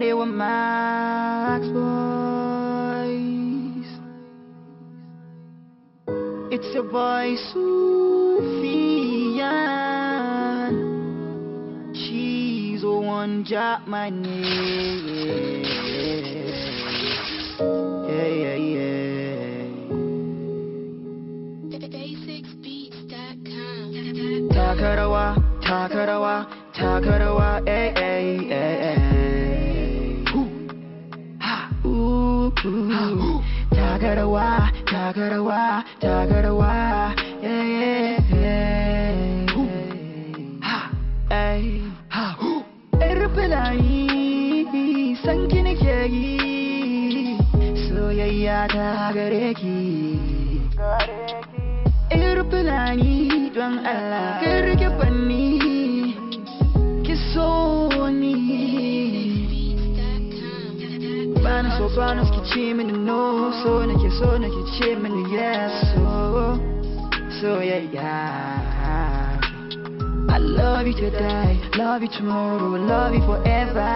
party with Max Boys. It's your boy Sufyan. She's a one job my name. Yeah, yeah, yeah. Takarawa, Takarawa, Takarawa, ay, ay, ay, ay. Allah, can you so ba naski ci mini no so nake so nake ce mini yes so yeah yeah. I love you today, love you tomorrow, love you forever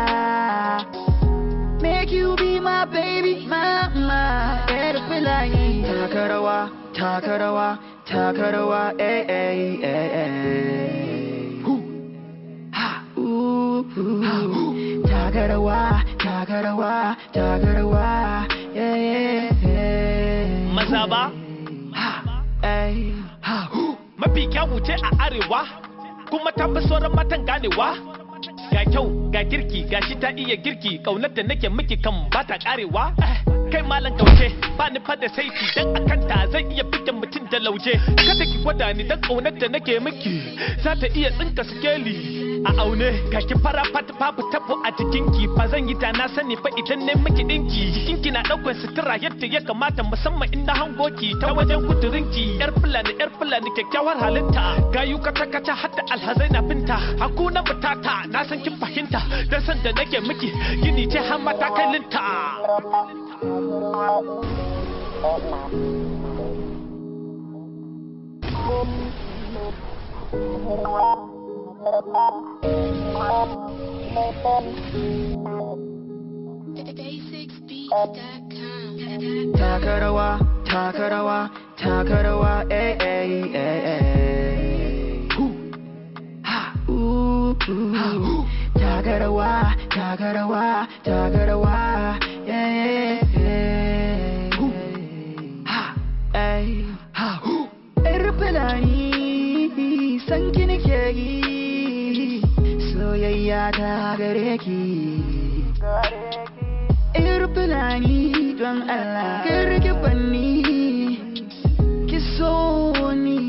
Make you be my baby, my, my, better feel like Takarawa, Takarawa, Takarawa, eh, eh, eh, eh Ooh, ha, ooh, ha, ooh Takarawa, garawa taka rawa maza ba eh, mafi kyawu ce a arewa kuma ta fi sauran matan ganewa ga kyau ga girki ga shi ta iya girki kaunar da nake miki kan ba ta karewa kai malam kauce ba ni fada saiti dan akan ta zai iya fita mutum da lauje kada ki gwada ni dan kaunar da nake miki za ta iya tsinka sikeli a aune gashi fara fat babu tafu a jikinki ba zan yi da na sani ba idan ne miki dinki jikinki na daukar sutura yadda ya kamata musamman inda na hango ki ta wajen kudurinki yar fulani yar fulani kyakkyawar halitta gayu kata kata hatta alhazai na binta hakuna mutata na san kin fahimta dan san da nake miki gini ce har matakalinta my God. Takarawa, takarawa, takarawa, eh, eh, eh, eh. Ha, Takarawa, takarawa, eh, eh, Ha, ha, yi. soyayya gare ki ir don Allah kin banni ki so ni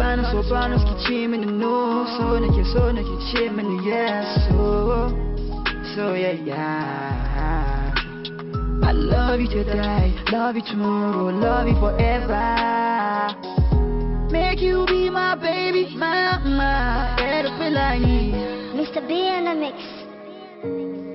bana so bana ki ce mini no so nake so nake ce mini yes so soyayya I love you today, love you tomorrow, love you forever. Dynamics.